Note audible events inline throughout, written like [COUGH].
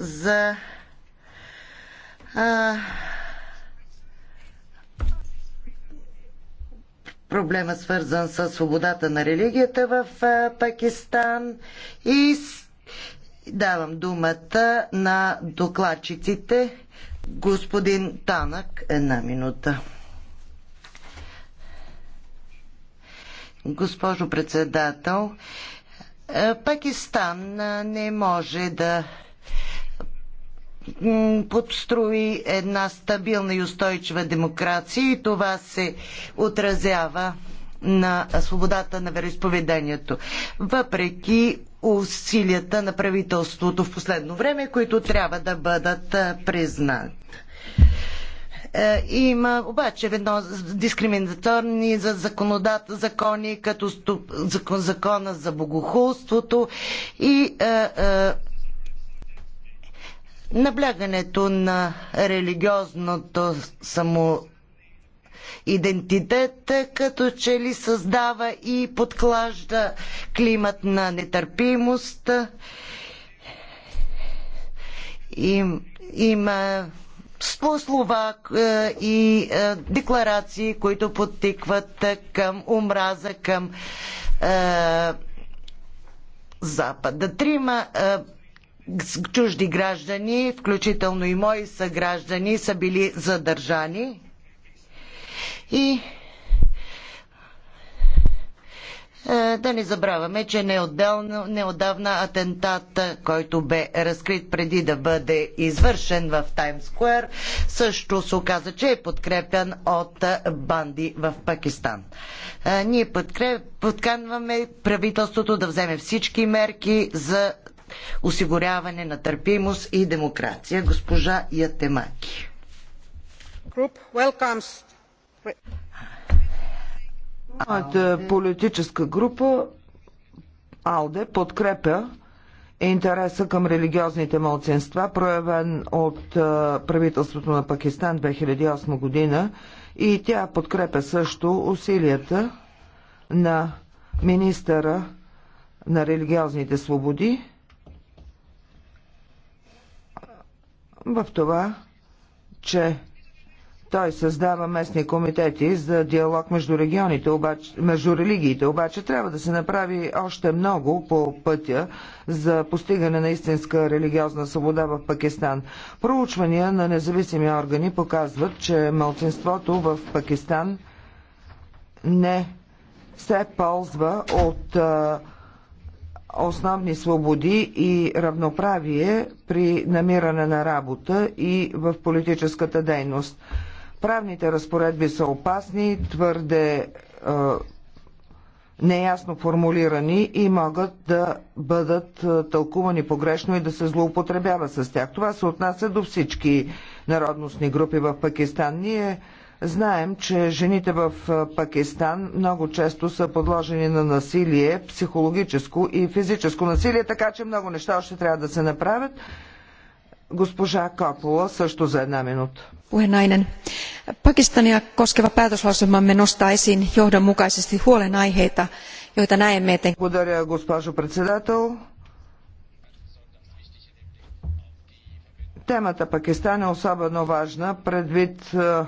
за а, проблема свързан с свободата на религията в а, Пакистан и давам думата на докладчиците. Господин Танък, една минута. Госпожо председател, Пакистан не може да подстрои една стабилна и устойчива демокрация и това се отразява на свободата на вероисповеданието. Въпреки усилията на правителството в последно време, които трябва да бъдат признати. Е, има обаче едно дискриминаторни за законодат, закони, като закона за богохулството и е, е, Наблягането на религиозното само идентитет, като че ли създава и подклажда климат на нетърпимост. Им, има слова е, и е, декларации, които подтикват към омраза, към е, Запада. Трима е, чужди граждани, включително и мои съграждани, са били задържани. И е, да не забравяме, че неотдавна, неотдавна атентат, който бе разкрит преди да бъде извършен в Таймс Скуер, също се оказа, че е подкрепен от банди в Пакистан. Е, ние подканваме правителството да вземе всички мерки за осигуряване на търпимост и демокрация. Госпожа Ятемаки. Моята политическа група АЛДЕ подкрепя интереса към религиозните малцинства, проявен от правителството на Пакистан 2008 година и тя подкрепя също усилията на министъра на религиозните свободи в това, че той създава местни комитети за диалог между, регионите, обаче, между религиите, обаче трябва да се направи още много по пътя за постигане на истинска религиозна свобода в Пакистан. Проучвания на независими органи показват, че мълцинството в Пакистан не се ползва от а, основни свободи и равноправие при намиране на работа и в политическата дейност. Правните разпоредби са опасни, твърде е, неясно формулирани и могат да бъдат тълкувани погрешно и да се злоупотребява с тях. Това се отнася до всички народностни групи в Пакистан. Ние Знаем, че жените в Пакистан много често са подложени на насилие, психологическо и физическо насилие, така че много неща още трябва да се направят. Госпожа Копола също за една минута. Puhenainen. Pakistania koskeva päätöslauselmamme nostaa esiin johdonmukaisesti huolenaiheita, joita näemme eten... Благодаря, госпожо председател. Темата Пакистан е особено важна предвид uh,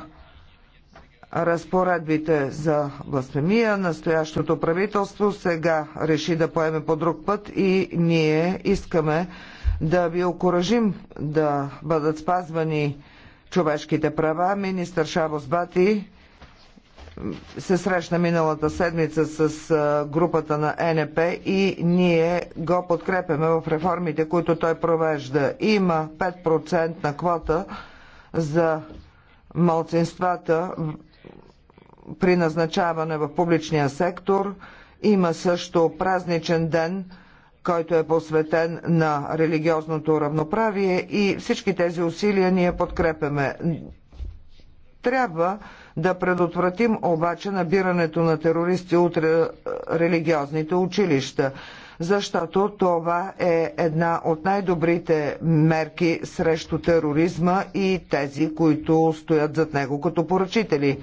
разпоредбите за бластемия, Настоящото правителство сега реши да поеме по друг път и ние искаме да ви окоръжим да бъдат спазвани човешките права. Министър Шавос Бати се срещна миналата седмица с групата на НП и ние го подкрепяме в реформите, които той провежда. Има 5% на квота за малцинствата при назначаване в публичния сектор. Има също празничен ден, който е посветен на религиозното равноправие и всички тези усилия ние подкрепяме. Трябва да предотвратим обаче набирането на терористи от е, религиозните училища, защото това е една от най-добрите мерки срещу тероризма и тези, които стоят зад него като поръчители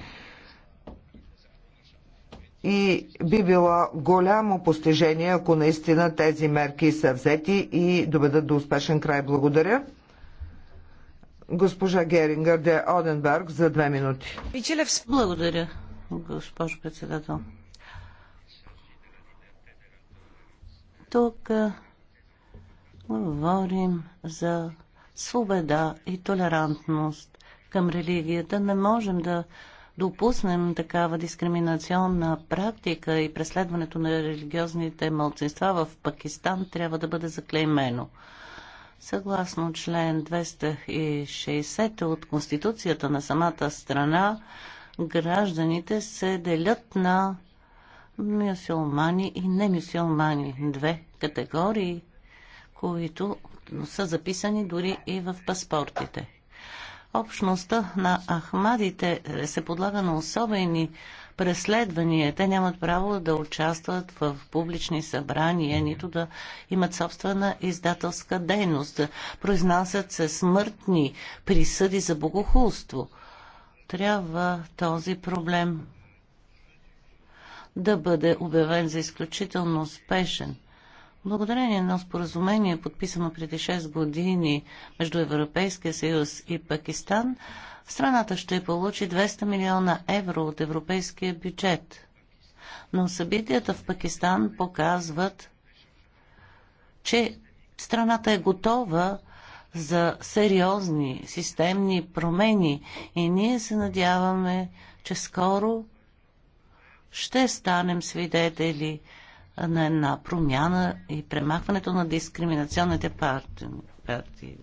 и би било голямо постижение, ако наистина тези мерки са взети и доведат до успешен край. Благодаря. Госпожа Герингър де Оденберг за две минути. Благодаря, госпожо председател. Тук говорим за свобода и толерантност към религията. Не можем да допуснем такава дискриминационна практика и преследването на религиозните мълцинства в Пакистан трябва да бъде заклеймено. Съгласно член 260 от Конституцията на самата страна, гражданите се делят на мюсюлмани и немюсюлмани. Две категории, които са записани дори и в паспортите. Общността на ахмадите се подлага на особени преследвания. Те нямат право да участват в публични събрания, нито да имат собствена издателска дейност. Произнасят се смъртни присъди за богохулство. Трябва този проблем да бъде обявен за изключително успешен. Благодарение на споразумение, подписано преди 6 години между Европейския съюз и Пакистан, страната ще получи 200 милиона евро от европейския бюджет. Но събитията в Пакистан показват, че страната е готова за сериозни системни промени и ние се надяваме, че скоро ще станем свидетели на една промяна и премахването на дискриминационните партии.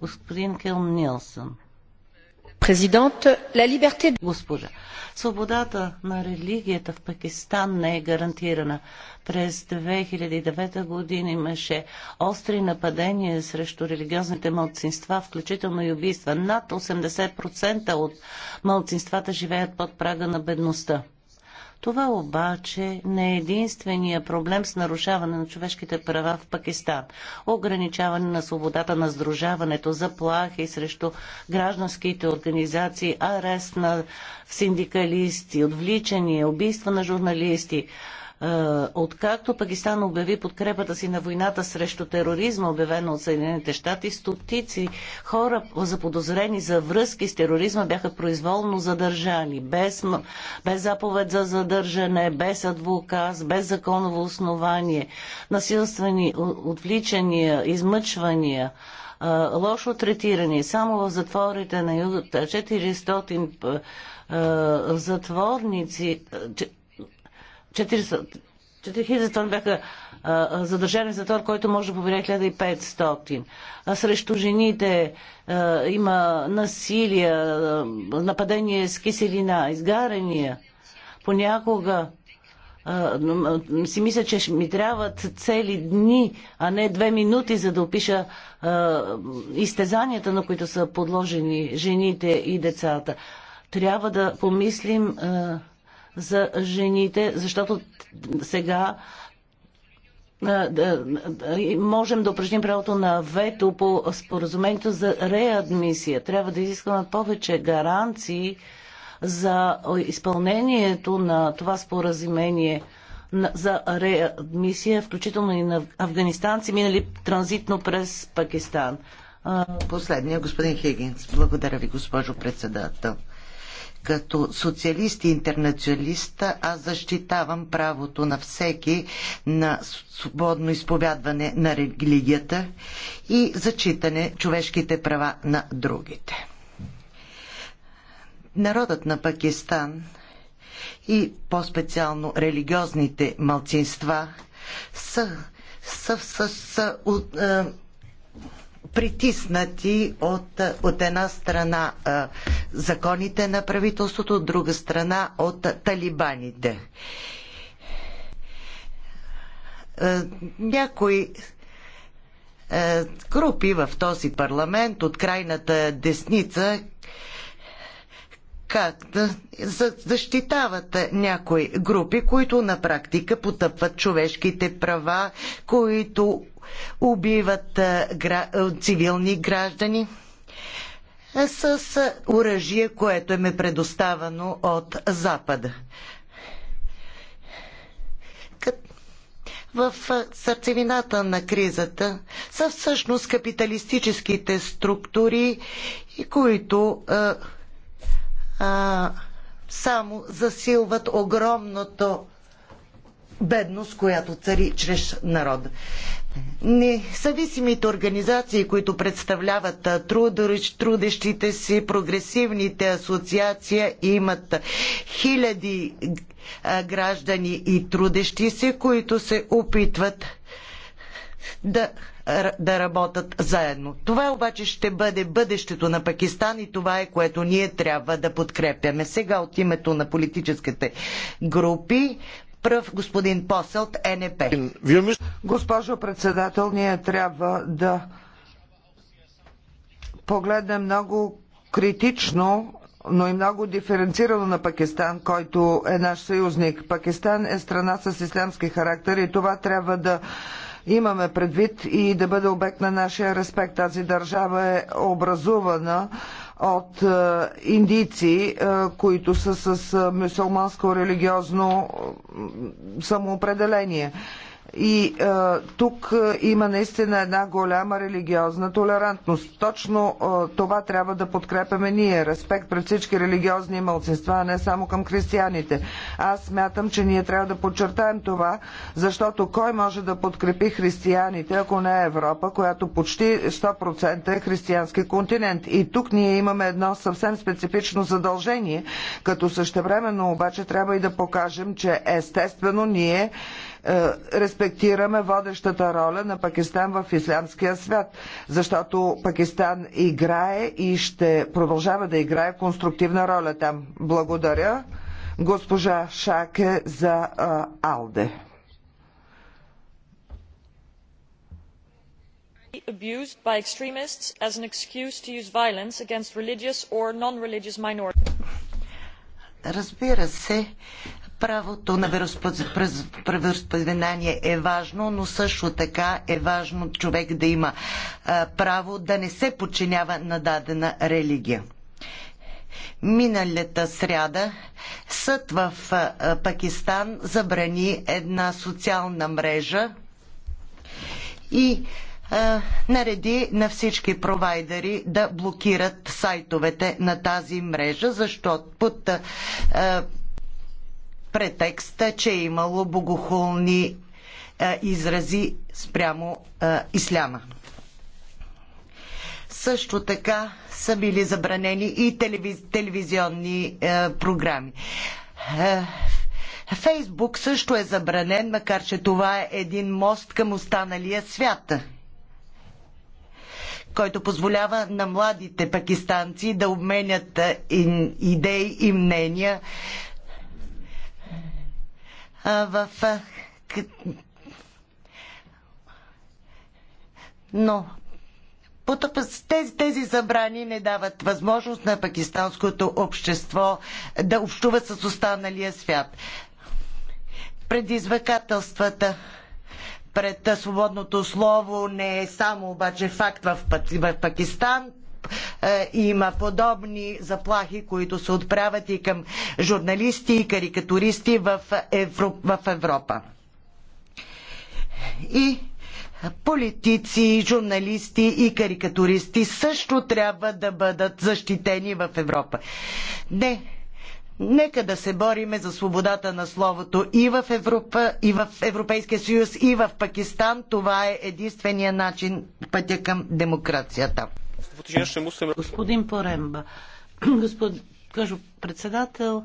Господин Кел Нилсън. Президент, Госпожа, свободата на религията в Пакистан не е гарантирана. През 2009 година имаше остри нападения срещу религиозните малцинства, включително и убийства. Над 80% от малцинствата живеят под прага на бедността. Това обаче не е единствения проблем с нарушаване на човешките права в Пакистан. Ограничаване на свободата на сдружаването, заплахи срещу гражданските организации, арест на синдикалисти, отвличания, убийства на журналисти – е, откакто Пакистан обяви подкрепата си на войната срещу тероризма, обявена от Съединените щати, стотици хора, заподозрени за връзки с тероризма, бяха произволно задържани, без, без заповед за задържане, без адвокат, без законово основание, насилствени отвличания, измъчвания е, лошо третирани. Само в затворите на юг 400 е, затворници, 400, 4000 тон бяха а, задържани за затвор, който може да побере 1500. А срещу жените а, има насилие, а, нападение с киселина, изгарения. Понякога а, си мисля, че ми трябват цели дни, а не две минути, за да опиша а, изтезанията, на които са подложени жените и децата. Трябва да помислим а, за жените, защото сега можем да упражним правото на вето по споразумението за реадмисия. Трябва да изискваме повече гаранции за изпълнението на това споразумение за реадмисия, включително и на афганистанци, минали транзитно през Пакистан. Последния, господин Хигинс. Благодаря ви, госпожо председател като социалист и интернационалист аз защитавам правото на всеки на свободно изповядване на религията и зачитане човешките права на другите. Народът на Пакистан и по-специално религиозните малцинства са, са, са, са, са е, притиснати от, от една страна а, законите на правителството, от друга страна от талибаните. А, някои а, групи в този парламент от крайната десница как да защитават някои групи, които на практика потъпват човешките права, които убиват цивилни граждани с оръжие, което им е предоставено от Запада. в сърцевината на кризата са всъщност капиталистическите структури, които а, само засилват огромното бедност, която цари чрез народа. Независимите организации, които представляват трудещите си, прогресивните асоциации имат хиляди граждани и трудещи се, които се опитват да, да работят заедно. Това обаче ще бъде бъдещето на Пакистан и това е което ние трябва да подкрепяме. Сега от името на политическите групи Пръв господин Поселт, НП. Госпожо председател, ние трябва да погледнем много критично но и много диференцирано на Пакистан, който е наш съюзник. Пакистан е страна с ислямски характер и това трябва да имаме предвид и да бъде обект на нашия респект. Тази държава е образувана от е, индийци, е, които са с е, мюсулманско религиозно самоопределение. И е, тук е, има наистина една голяма религиозна толерантност. Точно е, това трябва да подкрепяме ние. Респект пред всички религиозни мълцинства, а не само към християните. Аз смятам, че ние трябва да подчертаем това, защото кой може да подкрепи християните, ако не е Европа, която почти 100% е християнски континент. И тук ние имаме едно съвсем специфично задължение, като същевременно обаче трябва и да покажем, че естествено ние е, респектираме водещата роля на Пакистан в ислямския свят, защото Пакистан играе и ще продължава да играе конструктивна роля там. Благодаря госпожа Шаке за а, Алде. abused by extremists as an excuse to use violence against religious or non-religious minorities. Разбира се, Правото на вероисповедание е важно, но също така е важно човек да има право да не се подчинява на дадена религия. Миналата сряда съд в Пакистан забрани една социална мрежа и нареди на всички провайдери да блокират сайтовете на тази мрежа, защото под претекста, че е имало богохулни е, изрази спрямо е, исляма. Също така са били забранени и телевизионни е, програми. Фейсбук също е забранен, макар че това е един мост към останалия свят, който позволява на младите пакистанци да обменят идеи и мнения в но тези, тези забрани не дават възможност на пакистанското общество да общува с останалия свят. Предизвикателствата пред свободното слово не е само обаче факт в Пакистан. Е, има подобни заплахи, които се отправят и към журналисти и карикатуристи в Европа. И политици, журналисти и карикатуристи също трябва да бъдат защитени в Европа. Не, Нека да се бориме за свободата на словото и в Европа, и в Европейския съюз, и в Пакистан. Това е единствения начин пътя към демокрацията. Господин Поремба, [CLEARS THROAT] господин кажу, председател,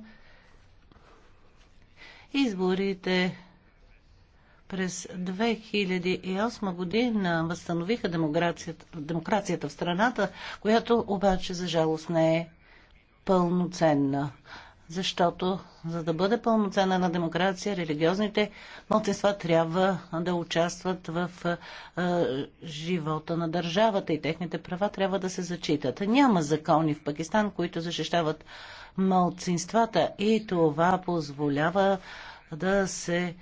изборите през 2008 година възстановиха демокрацията, демокрацията в страната, която обаче за жалост не е пълноценна защото за да бъде пълноценна на демокрация, религиозните младсинства трябва да участват в живота на държавата и техните права трябва да се зачитат. Няма закони в Пакистан, които защищават младсинствата и това позволява да се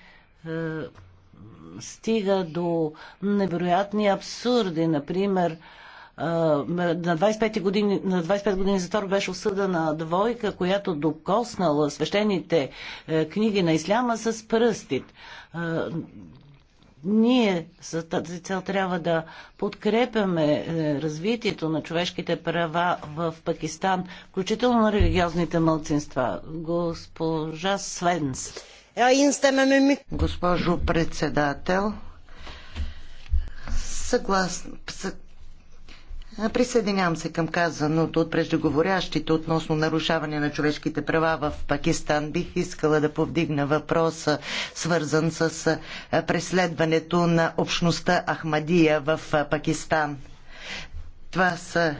стига до невероятни абсурди. Например, на 25 години, на 25 години затвор беше осъдена двойка, която докоснала свещените е, книги на исляма с пръстит. Ние за тази цел трябва да подкрепяме е, развитието на човешките права в Пакистан, включително на религиозните мълцинства. Госпожа Свенс. Госпожо председател, съгласна, Присъединявам се към казаното от преждеговорящите относно нарушаване на човешките права в Пакистан. Бих искала да повдигна въпроса, свързан с преследването на общността Ахмадия в Пакистан. Това са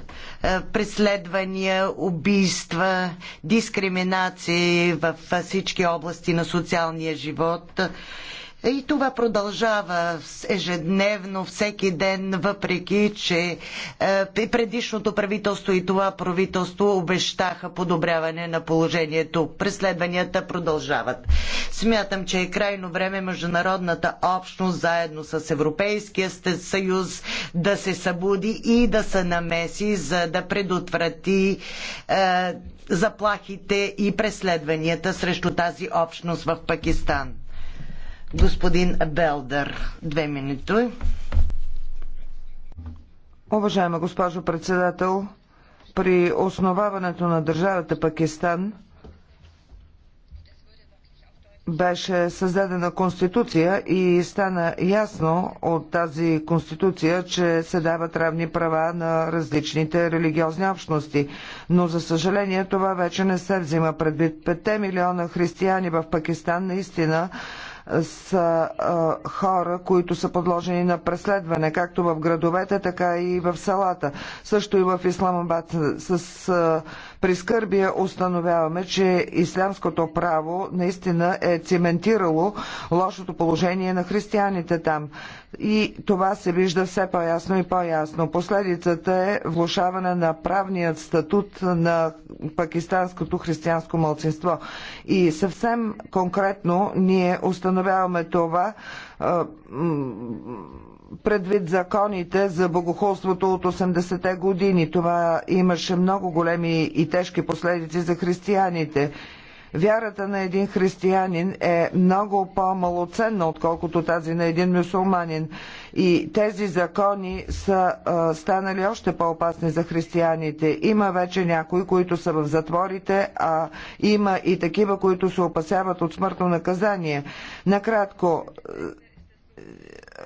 преследвания, убийства, дискриминации във всички области на социалния живот и това продължава ежедневно, всеки ден, въпреки че е, и предишното правителство и това правителство обещаха подобряване на положението. Преследванията продължават. Смятам, че е крайно време международната общност, заедно с Европейския съюз, да се събуди и да се намеси, за да предотврати е, заплахите и преследванията срещу тази общност в Пакистан. Господин Белдър, две минути. Уважаема госпожо председател, при основаването на държавата Пакистан беше създадена конституция и стана ясно от тази конституция, че се дават равни права на различните религиозни общности. Но за съжаление това вече не се взима предвид. пете милиона християни в Пакистан наистина са хора, които са подложени на преследване, както в градовете, така и в селата. Също и в Исламабад с при Скърбия установяваме, че ислямското право наистина е цементирало лошото положение на християните там. И това се вижда все по-ясно и по-ясно. Последицата е влушаване на правният статут на пакистанското християнско мълцинство. И съвсем конкретно ние установяваме това предвид законите за богохулството от 80-те години. Това имаше много големи и тежки последици за християните. Вярата на един християнин е много по-малоценна, отколкото тази на един мюсулманин. И тези закони са а, станали още по-опасни за християните. Има вече някои, които са в затворите, а има и такива, които се опасяват от смъртно наказание. Накратко,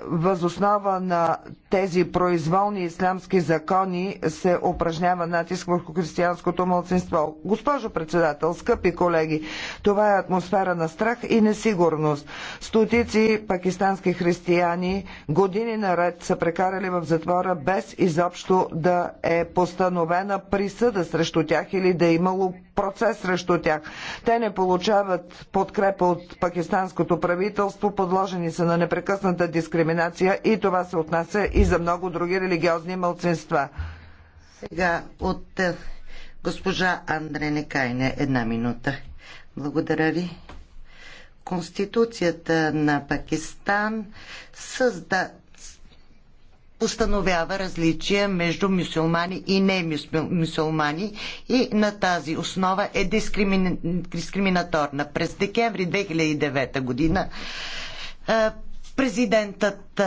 възоснова на тези произволни ислямски закони се упражнява натиск върху християнското мълцинство. Госпожо председател, скъпи колеги, това е атмосфера на страх и несигурност. Стотици пакистански християни години наред са прекарали в затвора без изобщо да е постановена присъда срещу тях или да е имало процес срещу тях. Те не получават подкрепа от пакистанското правителство, подложени са на непрекъсната дискриминация дискриминация и това се отнася и за много други религиозни мълцинства. Сега от е, госпожа Андре Некайне една минута. Благодаря ви. Конституцията на Пакистан създа постановява различия между мюсюлмани и не мюсюлмани и на тази основа е дискримина... дискриминаторна. През декември 2009 година е, Президентът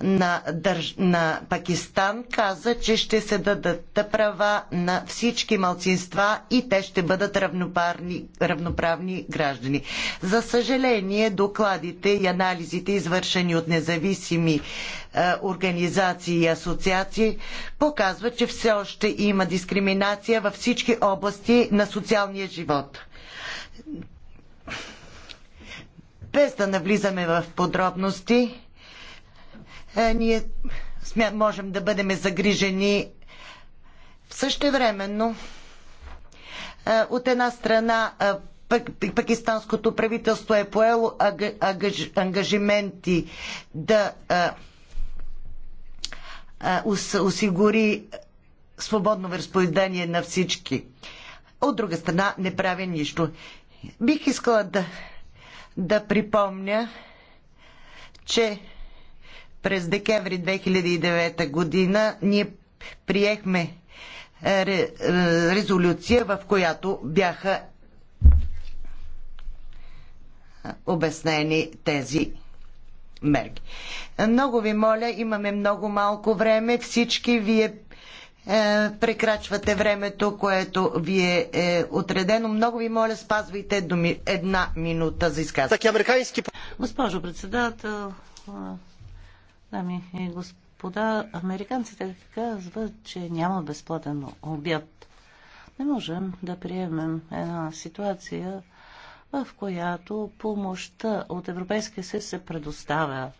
на, държ... на Пакистан каза, че ще се дадат права на всички малцинства и те ще бъдат равноправни, равноправни граждани. За съжаление, докладите и анализите, извършени от независими е, организации и асоциации, показват, че все още има дискриминация във всички области на социалния живот без да навлизаме в подробности, е, ние можем да бъдем загрижени в същевременно. Е, от една страна е, пакистанското правителство е поело ангажименти да осигури свободно възпоедание на всички. От друга страна не прави нищо. Бих искала да да припомня, че през декември 2009 година ние приехме е, е, резолюция, в която бяха обяснени тези мерки. Много ви моля, имаме много малко време. Всички вие е, прекрачвате времето, което ви е, е отредено. Много ви моля, спазвайте една минута за изказване. Госпожо председател, дами и господа, американците казват, че няма безплатен обяд. Не можем да приемем една ситуация, в която помощта от Европейския съюз се предоставя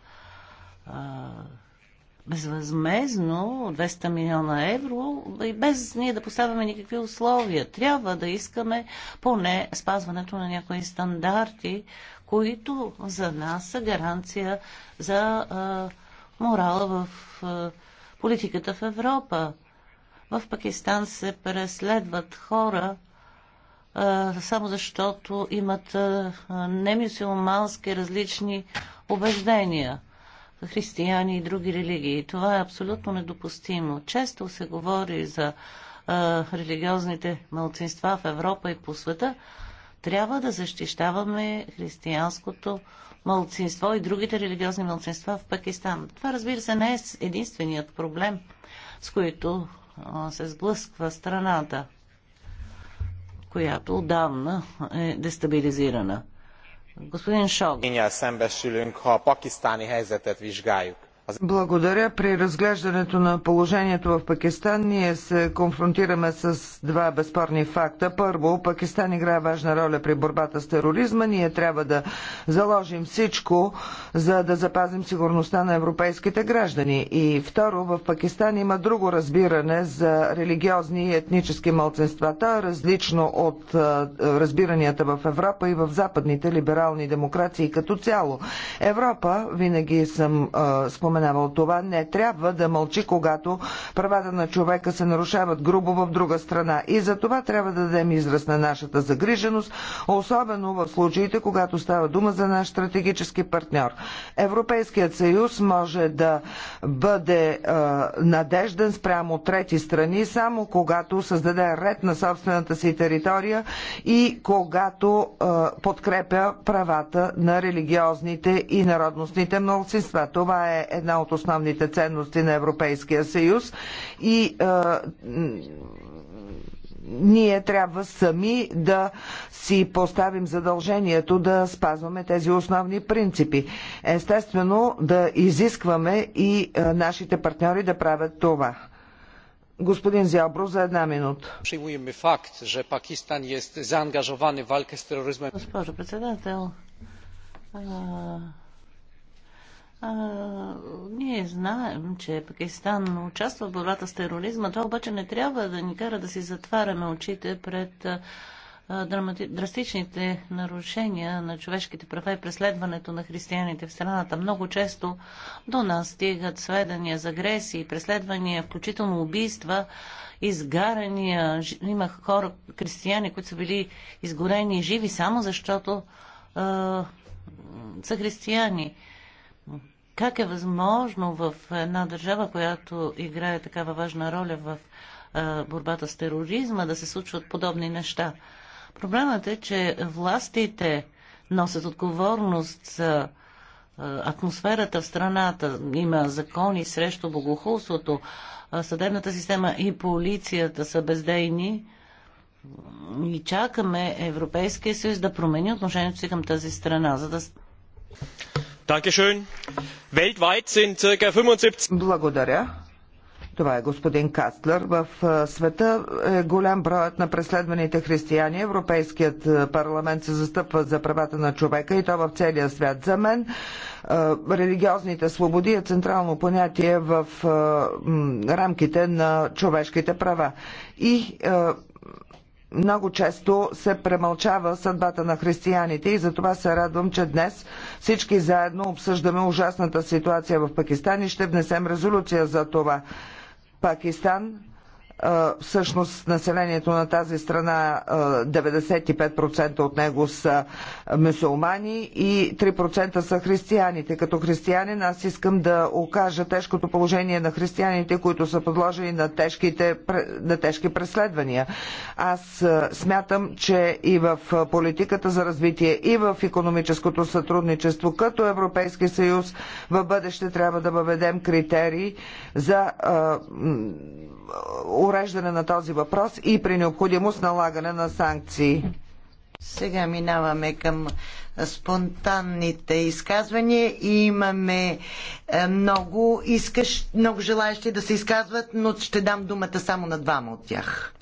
безвъзмезно 200 милиона евро и без ние да поставяме никакви условия. Трябва да искаме поне спазването на някои стандарти, които за нас са гаранция за а, морала в а, политиката в Европа. В Пакистан се преследват хора а, само защото имат немюсюлмански различни убеждения християни и други религии. Това е абсолютно недопустимо. Често се говори за а, религиозните мълцинства в Европа и по света. Трябва да защищаваме християнското мълцинство и другите религиозни мълцинства в Пакистан. Това, разбира се, не е единственият проблем, с който а, се сблъсква страната, която отдавна е дестабилизирана. Господин Szembesülünk, ha a pakisztáni helyzetet vizsgáljuk. Благодаря. При разглеждането на положението в Пакистан ние се конфронтираме с два безспорни факта. Първо, Пакистан играе важна роля при борбата с тероризма. Ние трябва да заложим всичко, за да запазим сигурността на европейските граждани. И второ, в Пакистан има друго разбиране за религиозни и етнически мълценства. То е различно от разбиранията в Европа и в западните либерални демокрации като цяло. Европа, винаги съм споменала, споменавал това, не трябва да мълчи, когато правата на човека се нарушават грубо в друга страна. И за това трябва да дадем израз на нашата загриженост, особено в случаите, когато става дума за наш стратегически партньор. Европейският съюз може да бъде е, надежден спрямо трети страни, само когато създаде ред на собствената си територия и когато е, подкрепя правата на религиозните и народностните младсинства. Това е една една от основните ценности на Европейския съюз и ние трябва сами да си поставим задължението да спазваме тези основни принципи. Естествено, да изискваме и нашите партньори да правят това. Господин Зябро, за една минута. Приемаме факт, че Пакистан е заангажован в валка с тероризма. Госпожо председател, а, ние знаем, че Пакистан участва в борбата с тероризма. Това обаче не трябва да ни кара да си затваряме очите пред а, драмати... драстичните нарушения на човешките права и преследването на християните в страната. Много често до нас стигат сведения за агресии, преследвания, включително убийства, изгарания. Има хора, християни, които са били изгорени живи само защото а, са християни как е възможно в една държава, която играе такава важна роля в борбата с тероризма, да се случват подобни неща? Проблемът е, че властите носят отговорност за атмосферата в страната. Има закони срещу богохулството. Съдебната система и полицията са бездейни. И чакаме Европейския съюз да промени отношението си към тази страна, за да благодаря. Това е господин Кастлер. В света е голям броят на преследваните християни. Европейският парламент се застъпва за правата на човека и то в целия свят. За мен религиозните свободи е централно понятие в рамките на човешките права. И много често се премълчава съдбата на християните и затова се радвам, че днес всички заедно обсъждаме ужасната ситуация в Пакистан и ще внесем резолюция за това. Пакистан всъщност населението на тази страна 95% от него са мусулмани и 3% са християните. Като християнин аз искам да окажа тежкото положение на християните, които са подложени на, тежките, на тежки преследвания. Аз смятам, че и в политиката за развитие, и в економическото сътрудничество, като Европейски съюз, в бъдеще трябва да въведем критерии за уреждане на този въпрос и при необходимост налагане на санкции. Сега минаваме към спонтанните изказвания и имаме е, много, искаш, много желаящи да се изказват, но ще дам думата само на двама от тях.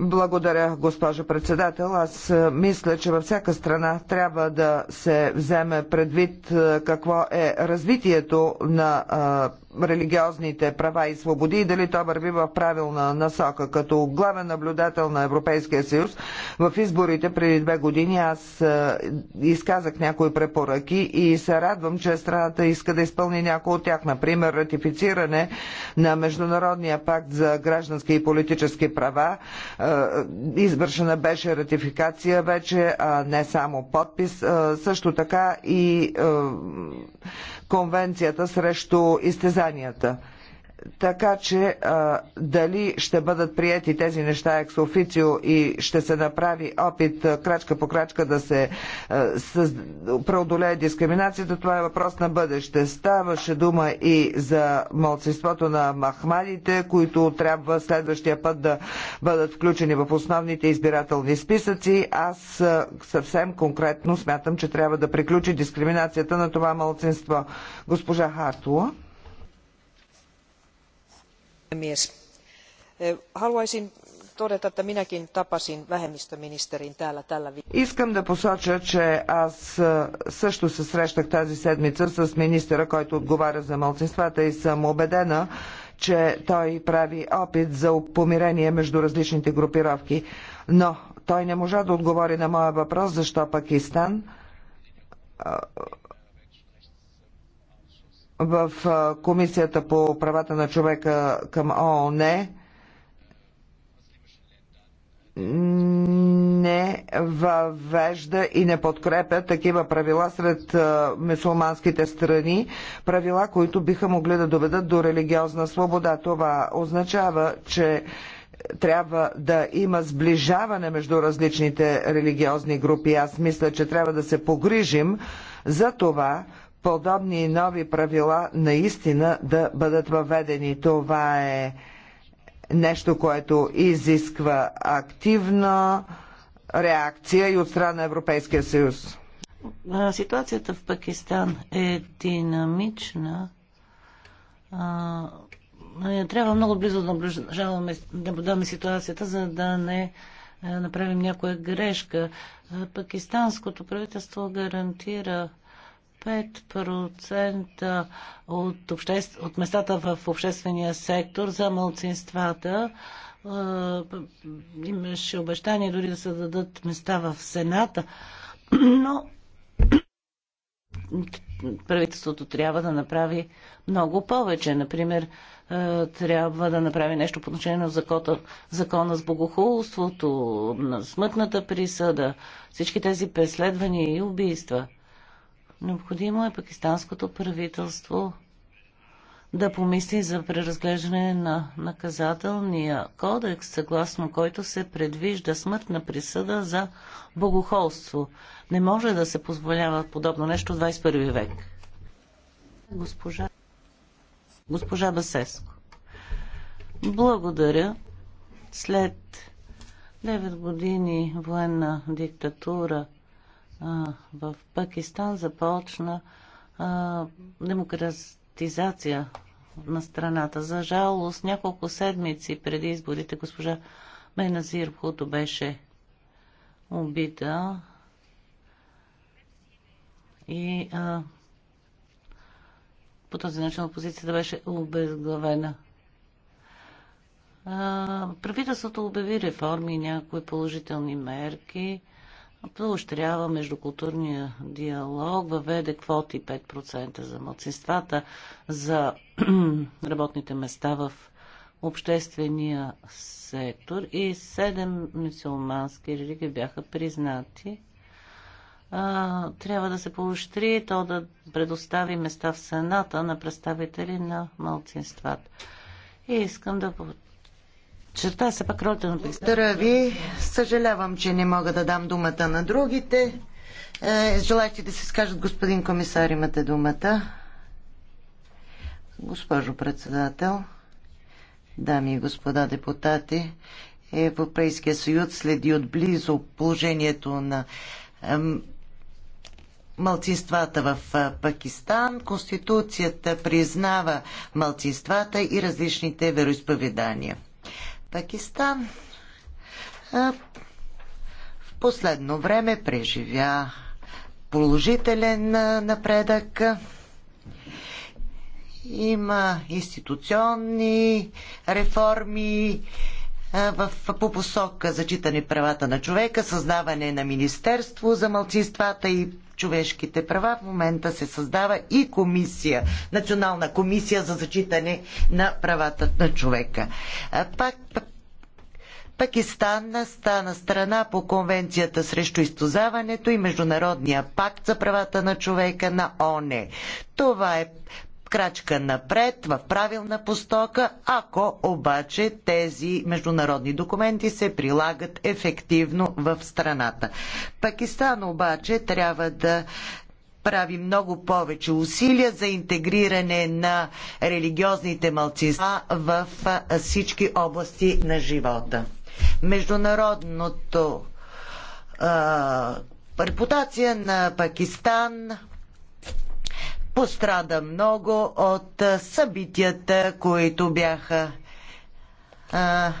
Благодаря, госпожо председател. Аз е, мисля, че във всяка страна трябва да се вземе предвид е, какво е развитието на религиозните права и свободи и дали то върви в правилна насока. Като главен наблюдател на Европейския съюз в изборите преди две години аз е, изказах някои препоръки и се радвам, че страната иска да изпълни някои от тях. Например, ратифициране на Международния пакт за граждански и политически права. Е, извършена беше ратификация вече, а не само подпис. Е, също така и конвенцията срещу изтезанията така че а, дали ще бъдат приети тези неща ексофицио и ще се направи опит а, крачка по крачка да се а, съз... преодолее дискриминацията, това е въпрос на бъдеще. Ставаше дума и за младсинството на махмадите, които трябва следващия път да бъдат включени в основните избирателни списъци. Аз а, съвсем конкретно смятам, че трябва да приключи дискриминацията на това младсинство. Госпожа Хартула arvoisa puhemies eh, haluaisin todeta että minäkin tapasin vähemmistöministerin täällä tällä viikolla. Искам да посоча, че аз е, също се срещах тази седмица с който отговаря за и съм убедена, че той прави опит за помирение между различните групировки. Но той не можа да отговори на моя въпрос, защо Пакистан е, в Комисията по правата на човека към ООН не въвежда и не подкрепя такива правила сред мусулманските страни, правила, които биха могли да доведат до религиозна свобода. Това означава, че трябва да има сближаване между различните религиозни групи. Аз мисля, че трябва да се погрижим за това подобни нови правила наистина да бъдат въведени. Това е нещо, което изисква активна реакция и от страна на Европейския съюз. Ситуацията в Пакистан е динамична. Е, трябва много близо да наблюдаваме, подаваме ситуацията, за да не е, направим някоя грешка. Пакистанското правителство гарантира 5% от, обществ... от местата в обществения сектор за мълцинствата. Имаше обещание дори да се дадат места в Сената, [CLEARS THROAT] но правителството трябва да направи много повече. Например, трябва да направи нещо по отношение на закона, закона с богохулството, на смътната присъда, всички тези преследвания и убийства – Необходимо е пакистанското правителство да помисли за преразглеждане на наказателния кодекс, съгласно който се предвижда смъртна присъда за богохолство. Не може да се позволява подобно нещо в 21 век. Госпожа, госпожа Басеско. Благодаря. След 9 години военна диктатура – в Пакистан започна демократизация на страната. За жалост, няколко седмици преди изборите госпожа Беназир Хуто беше убита и а, по този начин опозицията беше обезглавена. А, правителството обяви реформи и някои положителни мерки поощрява междукултурния диалог, въведе квоти 5% за младсинствата, за [CLEARS THROAT] работните места в обществения сектор и 7 мусулмански религии бяха признати. А, трябва да се поощри то да предостави места в Сената на представители на малцинствата. И искам да подчерта се пак ролята на Благодаря ви. Съжалявам, че не мога да дам думата на другите. Е, желаете да се скажат, господин комисар, имате думата. Госпожо председател, дами и господа депутати, Европейския съюз следи отблизо положението на малцинствата в е, Пакистан. Конституцията признава малцинствата и различните вероисповедания. Пакистан в последно време преживя положителен напредък. Има институционни реформи в, по посока зачитане правата на човека, създаване на Министерство за мълцинствата и човешките права. В момента се създава и комисия, Национална комисия за зачитане на правата на човека. Пак Пакистан стана страна по Конвенцията срещу изтозаването и Международния пакт за правата на човека на ОНЕ. Това е крачка напред в правилна постока, ако обаче тези международни документи се прилагат ефективно в страната. Пакистан обаче трябва да прави много повече усилия за интегриране на религиозните малцинства в всички области на живота. Международното а, репутация на Пакистан пострада много от събитията, които бяха а,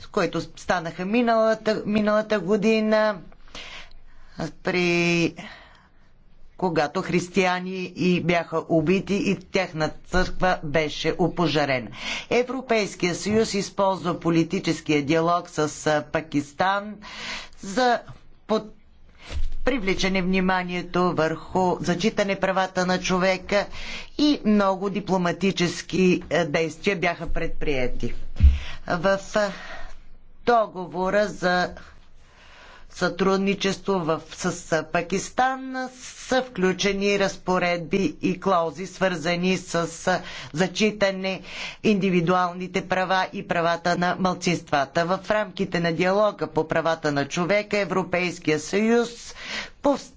с които станаха миналата, миналата година при когато християни и бяха убити и тяхна църква беше опожарена. Европейския съюз използва политическия диалог с Пакистан за под привличане вниманието върху зачитане правата на човека и много дипломатически е, действия бяха предприяти. В е, договора за сътрудничество в, с Пакистан са включени разпоредби и клаузи, свързани с зачитане индивидуалните права и правата на малцинствата. В рамките на диалога по правата на човека Европейския съюз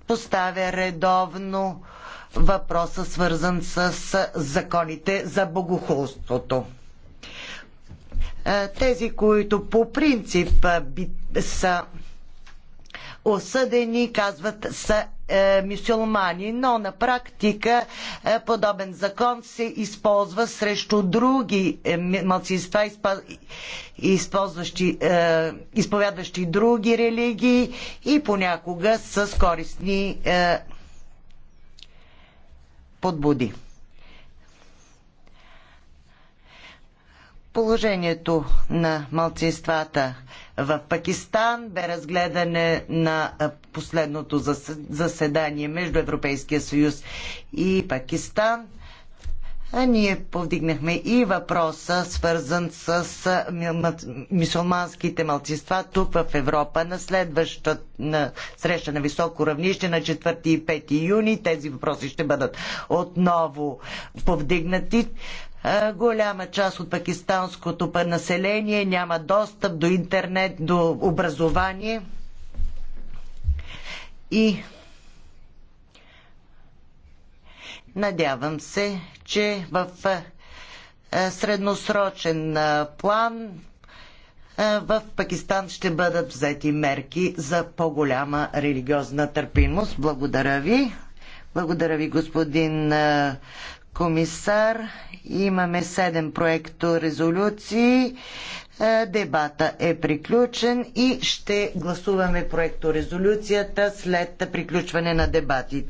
поставя редовно въпроса, свързан с законите за богохулството е, тези, които по принцип е, са осъдени, казват са е, мюсюлмани, но на практика е, подобен закон се използва срещу други е, младсинства, използващи, е, изповядващи други религии и понякога с корисни е, подбуди. Положението на малцинствата в Пакистан бе разгледане на последното заседание между Европейския съюз и Пакистан. А ние повдигнахме и въпроса, свързан с мисулманските малцинства тук в Европа на следващата на среща на високо равнище на 4 и 5 юни. Тези въпроси ще бъдат отново повдигнати. Голяма част от пакистанското население няма достъп до интернет, до образование. И надявам се, че в средносрочен план в Пакистан ще бъдат взети мерки за по-голяма религиозна търпимост. Благодаря ви. Благодаря ви, господин комисар. Имаме 7 проекто резолюции. Е, дебата е приключен и ще гласуваме проекто резолюцията след приключване на дебатите.